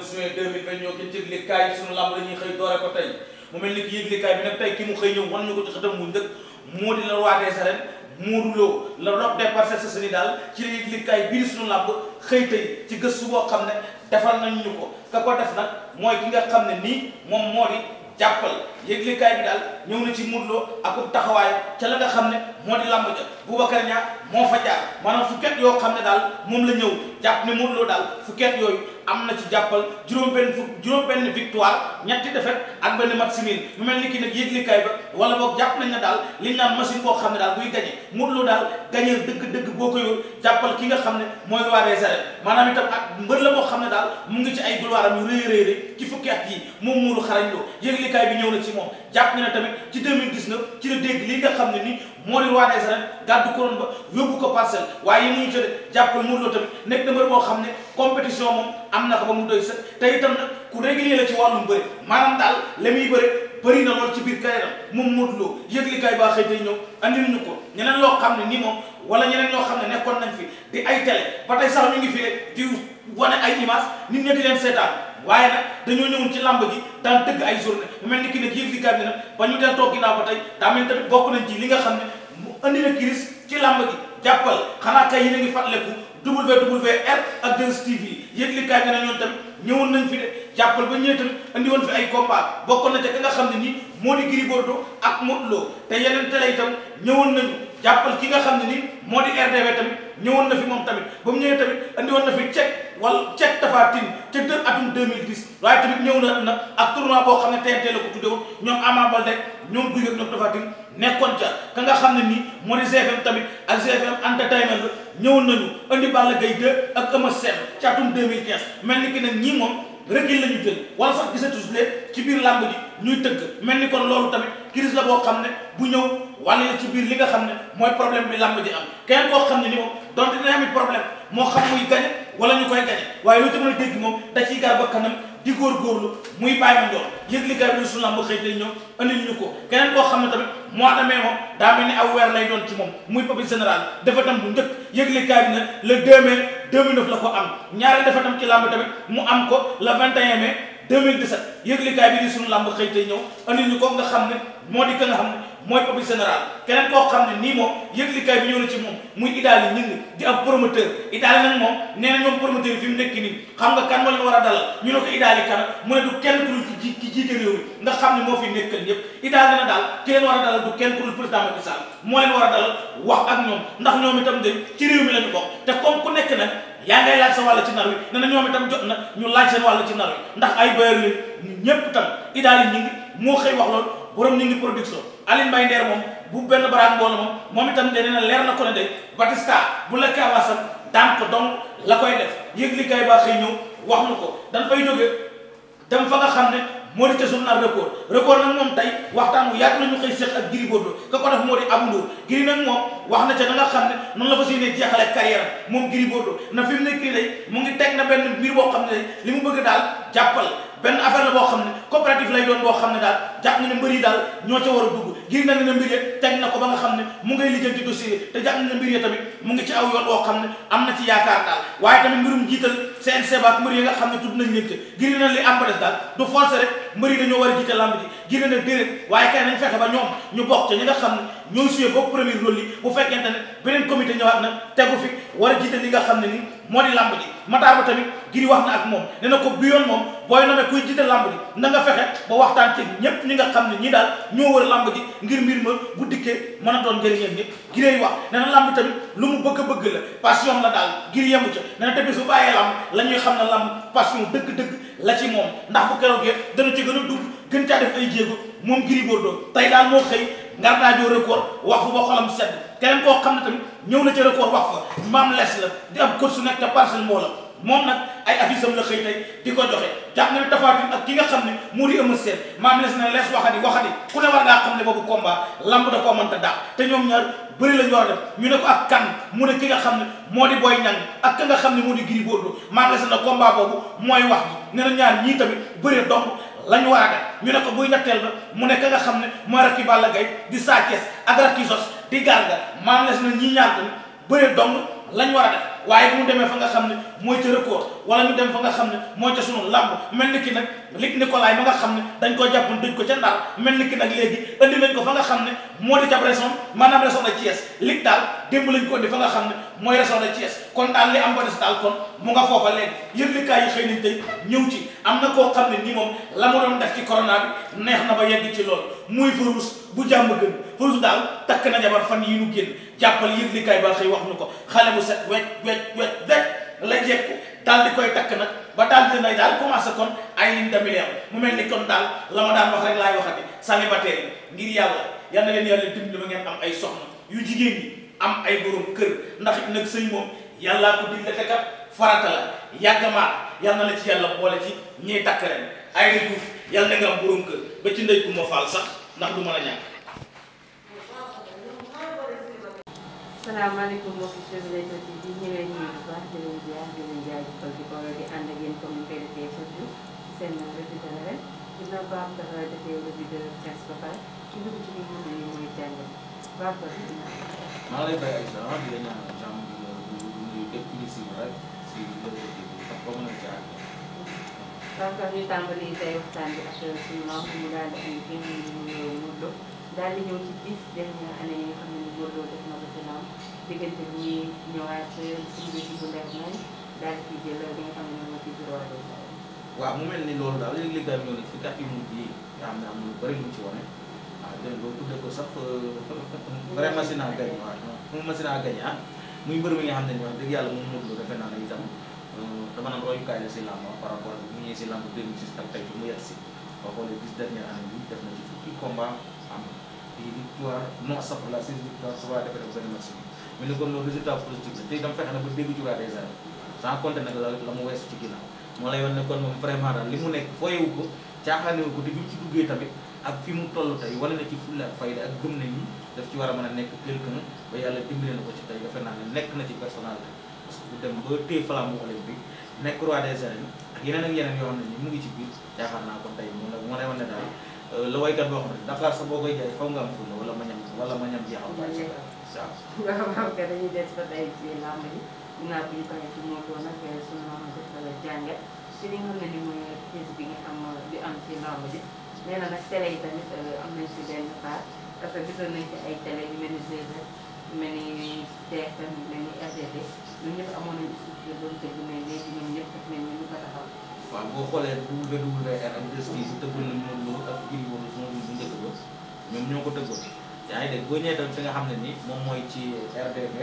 29 juin 2020 ñoo ci yëglikaay yi sunu lamb la ñuy xëy doore ko tey mu mel ni ki yëglikaay bi nag tey ki mu xëy ñëw wan ñu ko ci xëtam mu njëkk moo di la roi des arènes Modou Lo la roc des Parcelles Assainies daal la boo xam ne defal nañ ñu ko ka ko def nag mooy ki nga xam ne nii moom moo di jàppal yëglekaay bi daal ñëw na ci Modou Lo ak taxawaay ca la nga xam ne moo di làmb ja Boubacar Niang moo fa jaar maanaam fukket yoo xam ne daal moom la ñëw jàpp ne Modou Lo daal fukket yooyu am na ci jàppal juróom-benn fukk juróom-benn victoire ñetti défaite ak benn match nul mu mel ni ki nag yëglikaay ba wala boog jàpp nañ na daal li naan machine boo xam ne daal buy gañe Modou Lo daal gañe dëgg-dëgg boo ko yor jàppal ki nga xam ne mooy waa des arènes maanaam tam ak mbër la boo xam ne daal mu ngi ci ay gloire am yu rëy rëy rëy ci fukki at yi moom Modou Xarañ Lo yëglikaay bi ñëw na ci moom jàpp na ne tamit ci 2019 ci la dégg li nga xam ne ni moo di roi des arènes gàddu couronne ba yóbbu ko parcelle waaye yi muy jotee jàppal Modou Lo tamit nekk na mbër boo xam ne compétition moom am na ko ba mu doy sëkk te itam nag ku régulier la ci wàllum daal la muy bëri bëri na lool ci biir carrière moom Modou Lo yëglikaay baa xëy day ñëw andil ñu ko ñeneen loo xam ne ni wala ñeneen ñoo xam ne nekkoon nañ fi di ay télé ba tey sax ñu ngi fi di wane ay image nit ñi leen seetaan waaye nag dañoo ñëwoon ci làmb ji daan dëgg ay journée mu mel ni ki nag yëglikaay bi nag ba ñu del toog ginnaaw ba tey daa mel tamit bokk li nga xam ne mu andi na crise ci làmb ji jàppal xanaa kay yéen a ngi fàttaliku WWR ak 2STV yëglikaay bi nag ñoom tamit ñëwoon nañ fi de jàppal ba ñëwee tamit andi woon fi ay combat bokkoon na ca ki nga xam ne nii moo di Gris Bordeaux ak Modou Lo te itam ñëwoon nañu jàppal ki nga xam ne moo di RDV tamit ñëwoon na fi moom tamit ba mu ñëwee tamit andi woon na fi cek wala ceeb Tafatine ca deux atum 2010 waaye tamit ñëw na nag ak tournoi boo xam ne TNT la ko tuddee woon ñoom Ama ñoom Gouye Gui ak ñoom Tafatine nekkoon ca ka nii moo di tamit ak GFM entertainment la ñëw nañu andi Balla Gaye 2 ak Eumeu Sène ca atum 2015 mel ni nag ñii moom rëgg la ñu jël wala sax gisatuñu leen ci biir làmb ji ñuy tëgg mel ni kon loolu tamit crise la boo xam ne bu ñëw wala ci biir li nga xam ne mooy problème bi làmb ji am kenn koo xam ne ni moom donte dina amit problème moo xam muy gañe wala ñu koy gañe waaye loolu tamit dégg moom da ciy gar ba muy bàyyi ma ndox yëg li gar suñu lamb xëy tey ñoom ñu ko keneen boo xam ne tamit mois de mai moom daa mel ni aw weer lay doon ci moom muy papi général dafa tam bu njëkk yëg li gar bi ne le 2 mai la ko am ñaareel dafa tam ci làmb tamit mu am ko le 21 mai 2017 yëg li gar bi di suñu lamb xëy tey ñëw ñu ko nga xam ne moo di ka nga xam ne mooy public général keneen koo xam ne nii moom yëglikaay bi ñëw na ci moom muy idaal yi ñun di ab promoteur idaal nag moom nee na ñoom promoteur yi mu nekk nii xam nga kan moo leen war a dalal ñu ne ko idaal yi kan mu ne du kenn ku dul ki ki jiite réew mi nga xam ne moo fi a dalal du kenn war a dalal wax ak ñoom ndax ñoom itam de ci réew mi la ñu bokk te comme ku nekk nag yaa ngay laaj sa wàll ci nar wi ne na jot na ñu laaj seen wàll ci nar wi ñëpp itam idaal yi ñu moo xëy wax loolu borom ñu ngi production Alioune Mbaye Nder moom bu benn baraat ngoon moom moom itam de nee na leer na ko ne de Batista bu la kawaasam dànk donc la koy def yëg li kay ba ñëw wax nu ko dañ fay jóge dem fa nga xam ne moo di ca journal record record nag moom tey waxtaan bu yàgg nañu xëy seq ak Gris Bordeaux ka ko def moo di Abou Ndour Gris nag moom wax na ca na nga xam ne noonu la fa siy ne jeexale carrière am moom Gris Bordeaux na fi mu nekk nii day mu teg na benn mbir boo xam ne li mu bëgg daal jàppal benn affaire la boo xam ne coopérative lay doon boo xam ne daal jàpp na ne mbër daal ñoo ca war a dugg ngir na ne mbir ya teg na ko ba nga xam ne mu ngay lijjanti dossier te jàpp na ne mbir ya tamit mu ngi ci aw yoon boo xam ne am na ci yaakaar daal waaye tamit mbirum jiital CNG ba ak mbër yi nga xam ne tudd nañ leen te ngir na li am ba des daal du forcé rek mbër yi dañoo war a jiital lamb ji ngir na ne déedéet waaye kay nañ fexe ba ñoom ñu bokk ca ñi nga xam ne ñoo suyee boobu premier rôle yi bu fekkente ne beneen comité ñëwaat na tegu fi war a jiite li nga xam ne ni moo di làmb ji mataar ba tamit giri wax na ak moom ne ko bu yoon moom booy nome kuy jiite làmb ji na nga fexe ba waxtaan ci ñépp ñi nga xam ne ñi daal ñoo war a làmb ji ngir mbir ma bu dikkee mën a doon njëriñeen ñëpp giree wax ne na làmb tamit lu mu bëgg-bëgg la passion la daal giri yemu ca ne na tamit su bàyyee làmb la ñuy xam ne làmb passion dëgg-dëgg la ci moom ndax bu keroog dana ci gën a dugg gën caa def ay jéego moom Gris Bordeaux tey daal moo xëy ngar daajoo record wax fa ba xolam sedd keneen koo xam ne tamit ñëw na ca record wax fa maam les la di ab coach su nekk te parcelle moo moom nag ay affiches am la xëy tey di ko joxe jàpp na ne tafaatin ak ki nga xam ne moo di Eumeu Sène maam les na lees waxati waxati ku ne war ngaa xam ne boobu combat lamb da koo mënta daax te ñoom ñaar bëri la ñu a def ñu ne ko ak kan mu ne ki nga xam ne moo di Boy Niang ak ka nga xam ne moo di Gris Bordeaux maam les na combat boobu mooy wax ji ne na ñaar ñii tamit bëri lañ waaga ñu ne ko buy ñetteel ba mu ne ka nga xam ne mooy rakki Balla Gaye di Sa Thiès ak rakki Zoss di Garga maam les na ñii ñaar bëree dong lañ war a def waaye bu mu demee fa nga xam ne mooy ca record wala ñu dem fa nga xam ne mooy ca sunu làmb mel ni ki nag lig Nicolas ma nga xam ne dañ koo jàppoon dëj ko ca Ndar mel ni ki nag léegi indi ko fa nga xam ne moo di ca région maanaam région de Thiès lig daal démb lañ ko indi nga xam ne mooy région de kon daal li am ba des daal kon mu nga foofa léegi yëglikaay yi xëy ñëw ci am na koo xam ne nii moom la mu doon def ci corona bi neex na ba yegg ci loolu muy virus bu jàmm gën Youssou daal takk na jabar fan yi nu génn jàppal yëglikaay ba xëy wax ñu ko xale bu set wecc wecc wecc wecc la jekku daal di koy takk nag ba daal di nay daal commencé kon ay ligne de million mu mel ni kon daal la ma daan wax rek laay waxati célibataire ngir yàlla yal na leen yàlla dimbali ba ngeen am ay soxna yu jigéen ñi am ay borom kër ndax it nag sëy moom yàllaa ko digle te kat farata la yàggamaa yal na la ci yàlla boole ci ñiy takk ren ay na Diouf yal na nga am borom kër ba ndax du mën a ñàkk. salaamaaleykum mbokki Leewtoo TV ñu ngi leen nuyu bu baax di leen ziar di leen jaajëfal di ko di ànd ak yéen comme ni koy defee chaque jour seen revue de l'arène dina baax dafa defee revue de presse ba pare ci dugg ci li nga xam ne mooy jàngat baax ba dina. maa ngi lay fay ay sànq di la ñaanal jàmm di la nuyu depuis si rek si Leewtoo TV bi ndax ba mën a jaar. donc ñu tàmbali tey waxtaan bi ak suñu maam mu daal di indi kenn mu Modou Lo daal di ñëw ci dix dernières années yi nga xam ne ni Modou Lo def na ko ci lamb diggante ñi ñëwaat suñu ci bu leer nañ daal di jël li nga xam ne moom ci juróomi. waaw mu mel ni loolu daal léeg-léeg daal ñëw nag ci kat yu mujj yi nga xam ne am lu bëri lu ci wane waaw dégg nga tuddee ko sax euh, vraiment machine à gagner waaw moom machine à gagner ah muy mbër mi nga xam ne wax dëgg yàlla moom Modou Lo defe naa ne itam dama naan royukaay la si làmb par rapport ak bu ñëwee si làmb 2006 ak tey fi mu yegg si boo xoolee dix dernière année am la six victoire trois défaite ak benn match bi mais na ba mu ne kon ko caaxaanewu ko te bi mu ci duggee tamit ak fi mu toll tey wane na ci fulla ak fayda ak gëm na ni daf ci war a mën a nekk quelqu'un ba yàlla dimbali na ko ci tey defe naa nekk na ci personnalité bu dem ba téye flambeau olympique nekk roi des arènes ak yeneen ak yeneen yoo xam ne ni mu ngi ci biir yaakaar naa kon tey moom la bu ma demoon ne daal euh, xam ne Dakar sa boo koy ma ñam wala ma ñam jeexal waaw waaw waaw kay dañuy des ba tey ci làmb yi dinaa bi ñu paree ci moo doon nag euh, suñu maam defal jàngat si li nga xam ne ni mooy crise bi nga xam euh, bi am ci làmb bi nee na nag télé yi tamit am nañ si benn part parce que gisoon nañ ay télé yu mel ni Zézé yu mel ni TFM yu mel ni ñun ñëpp amoon nañu suuf de doon tëgg mais léegi ñun waaw boo xoolee WWR ak 2STV yi tëggoon nañu loolu loolu ak kii boobu sama bu njëkk ba ñoom ñoo ko tëggoon yaa ngi dégg boo ñëwee tam fi nga xam ne ni moom mooy ci RDV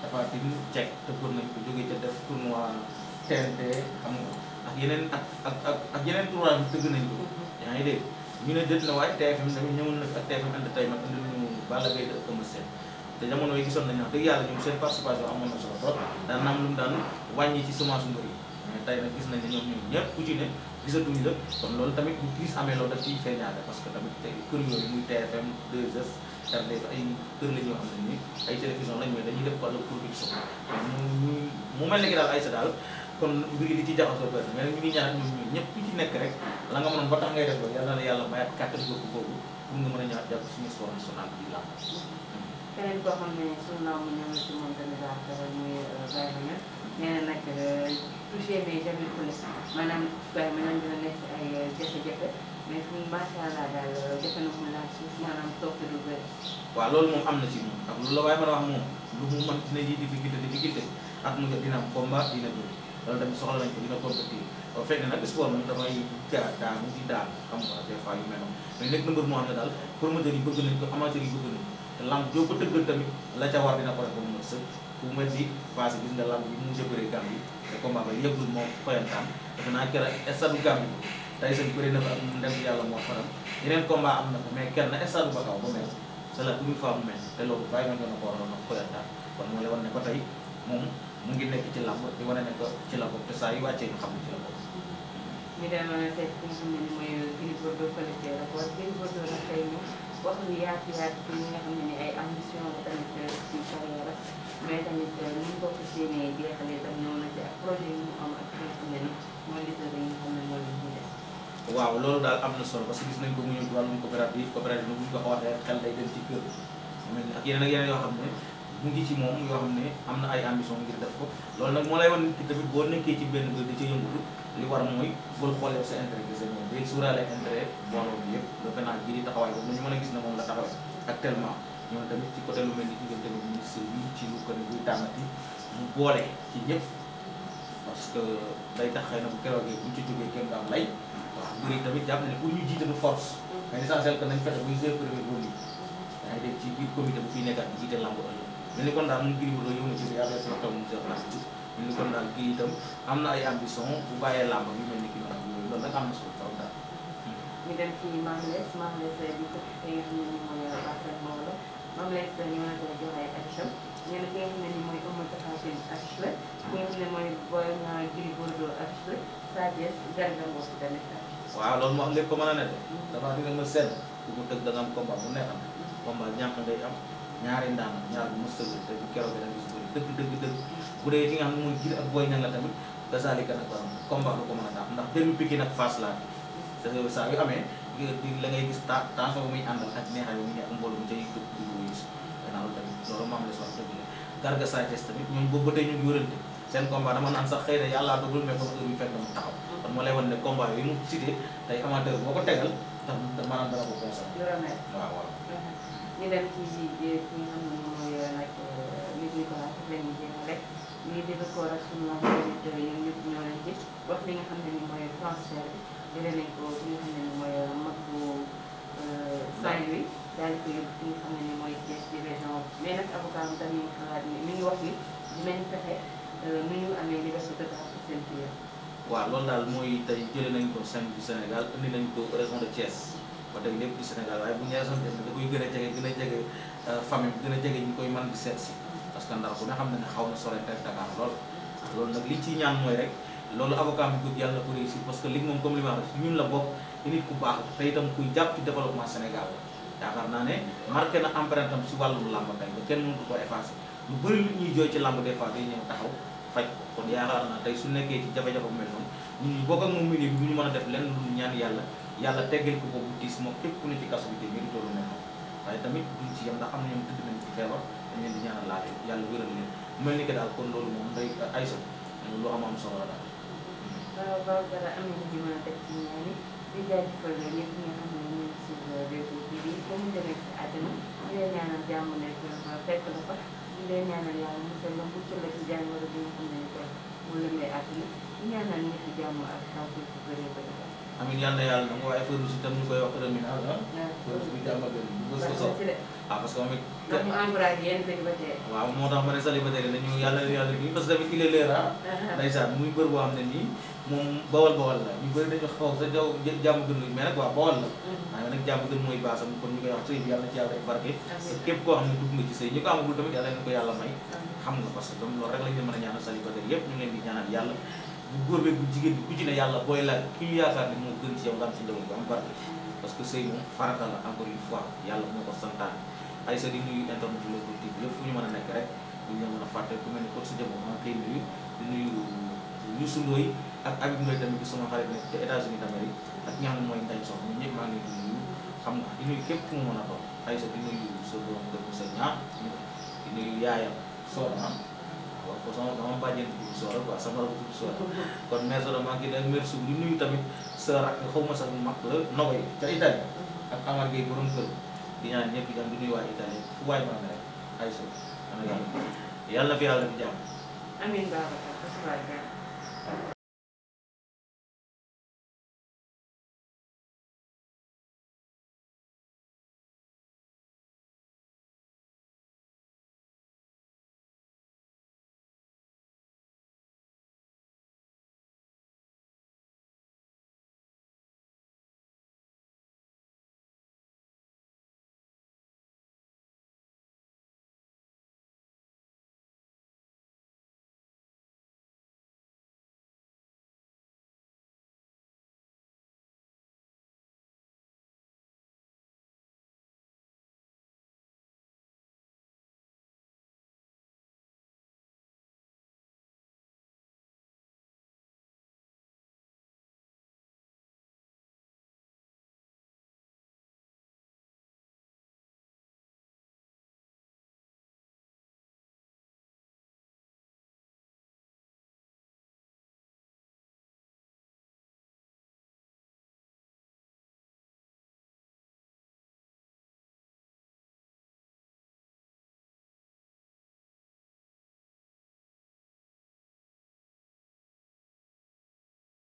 dafa dim cek tëggoon nañ ko jógee ca def tournoi TNT xam nga ak yeneen ak ak ak ak yeneen tournoi bi tëgg nañ ko mm-hmm. yaa ngi dégg ñu ne dët na waaye TFM tamit ñëwoon na ak TFM entertainment indi ñu Balla Gaye de Eumeu te jamono yi gisoon nañu wax dëgg yàlla ñoom seen participation amoon na solo trop daan am daan wàññi ci semence mbir yi mais tey nag gis nañ ne ñoom ñëpp la kon loolu tamit bu crise parce que tamit tey kër yooyu muy TFM 2S RDS ay kër la ñoo xam ne nii ay télévision lañ mais dañuy def di nekk rek la nga mënoon ba tax ngay def loolu yàlla na yàlla mayaat kàttan boobu pour nga mën a ñëwaat jàpp suñu histoire nationale bi di keneen koo xam ne suñu làmb ñëw ci moom tamit daal dara muy ma nee na nag euh, touché mais jamais daal euh, am na ci moom lu la a lu mu mën dina ji difficulté difficulté ak mu dina am combat dina bëri loolu tamit soxla nañ ko dina compétir bu fekkee nag sport moom dafay jaar daanu di daanu xam nga des fois yu mel noonu nekk na mbër moo xam ne daal promoteurs yi bëgg nañ ko amateurs yi bëgg nañ lamb joo ko a tamit a ca war dina ko def ba mu mën sëkk ku mel ni passé gis nga lamb bi mu mujjee bëree gàmm yi te combat ba yëgul moom xoyantaan defe naa keroog estadu gàmm bi tey seen bëri na fa ak mu dem yàlla moo faram yeneen combat am na fa mais kenn estadu ba kaw ba mel c'est la première fois mu ko a xoyantaan kon moo lay wan ne ba tey moom mu ngi nekk ci lamb di wane ne ko ci la bopp te saa yu wàccee ñu xam ne ci la bopp. ñu ko wax nga yaatu yaatu ci ñi nga xam ne ay ambition la tamit ci carrière mais tamit ñu ngi nga xam loolu daal am na solo parce que gis nañ ko mu ñëw ci xel day dem ci kër mel ni ak yeneen ak yeneen yoo xam ne. mu ngi ci moom yoo xam ne am na ay ambition ngir def ko loolu nag moo lay wan nit ki tamit boo nekkee ci benn bër di ca yëngatu li war mooy bul xoolee sa intérêt bi sa ñoom day suuraale intérêt mbooloo bi yëpp le FNAC bii di taxawaay boobu ñu mën a gis ne moom la taxawee actuellement ñoom tamit ci côté lu mel ni diggante bi ministre bi ci lu ko ne buy mu boole ci ñëpp parce que day tax xëy na bu keroogee buñ ci jógee kenn daam lay wax tamit jàpp ne pour ñu jiite du force mm-hmm. mais l'essentiel que nañ fexe buñ jouer premier rôle yi yaa ngi dégg ci biir comité bu fiy nekkaat ñu ni kon daal ñun Gris Bordeaux yow na ci biir affaire bi toog mu jël place bi bu bàyyee di ko ki nga xam la koy joxe ay action ñu ne ki nga xam ne nii mooy Eumeu nga xam ne mooy Boy a am lu ne nga am am. ñaari ndam ñaar bu mos a wér te bu keroog da nga gis bëri dëgg dëgg dëgg bu dee ki nga a te saa yu amee la ngay gis ta tension bu muy àndal ak neexaay bu muy ak mbooloo mu jëriñ dëgg du ko gis gannaaw loolu ba naan sax xëy na yàllaa dugul mais comme heure bi kon moo lay wan ne boo ko tegal tam maanaam dana ko conseillé waaw waaw ñu dem ci GIE fi nga xam ne mooy nag li ñu ko rek ñu ngi def yi wax li nga xam ne ni mooy transfert bi jëlee ko fi nga xam ne ni mag bu Saint-Louis daal di fi nga xam ne mooy Thiès ci région mais nag avocat bi tamit xalaat ni mi ngi wax ni dinañ fexe nu ñu amee liberté de droit pour seen client. waaw loolu nañ ko Saint-Louis Sénégal indi wax dëgg lépp di Sénégal waaye bu ñu nee zone da koy gën a jege gën a jege euh, famille bi gën a jege ñu koy mën di seet si parce que Ndar bu ne xam na ne xaw na sore rek Dakar lool loolu nag li ciy ñaan mooy rek loolu avocat bi gud yàlla na ko réussir parce que li moom comme li ma wax ñun la bokk di nit ku baax te itam kuy jàpp ci développement Sénégal la yaakaar naa ne marqué na empreinte am si wàllum làmb tey ba kenn mënu ko ko effacer lu bëri lu ñuy jooy ci làmb des fois day ñëw taxaw faj ko kon yaakaar naa tey su nekkee ci jafe-jafe bu mel noonu ñun ñu bokk ak moom milieu bi bu ñu mën a def lenn lu ñaan yàlla yàlla teggal ko boobu diis moom képp ku ne ci kaso bi te mérito di ñaanal laaj yàlla wéral leen mel ni loolu moom day euh, ay na a teg di jaajëfal la ñëpp ñaanal jàmm la fa ñu leen ñaanal yàlla musal la mucc la ci jàngoro bi nga xam ne ñu koy mu lëmbee àddina ñu ñaanal jàmm ak taw bi bu bëree bëri amin yal na yàlla nangu waaye Firuz tam ñu koy wax ah. ko soxla ah parce que moom it. ndax moo tax ma ne nañu yàlla yàlla parce que tamit il est leer ah. muy bër boo xam ne nii moom bawal bawal la ñu bëri dañu xaw sa jaw jàmm gën lañu nag waaw bawal la. waaye mm-hmm. ah, nag jàmm gën mooy baasam kon ñu koy wax sëy yàlla ci yàlla ay barke. te képp xam ne dugg nga ci sëy ñu ko amagul tamit yàlla na ko yàlla may. xam nga parce que loolu rek lañu mën a ñaanal célibataire yàlla bu góor beeg bu jigéen bi ku ci ne yàlla booy laaj ku ñu yaakaar ne moo gën ci yow nga am ci njaboot bu am barke parce que sëy moom farata la encore une fois yàlla moo ko santaan ay a nekk rek a bi sama xarit nekk te états xam ne xam nga di nuyu képp mu mën a doon ay sa di nuyu sa borom kër sa ñaar di nuyu yaayam soxna quoi kon sama sama bàjjen bu tudd Soora quoi sama bu tudd Soora kon mère Soora maa ngi lay merci di nuyu tamit sa rakk xaw ma mag la Nogoy ca Italie ak Amar Gueye borom kër di ñaan ñëpp itam di nuyu waa Italie fu waay maa ngi rek ay so yàlla fi yàlla fi jàmm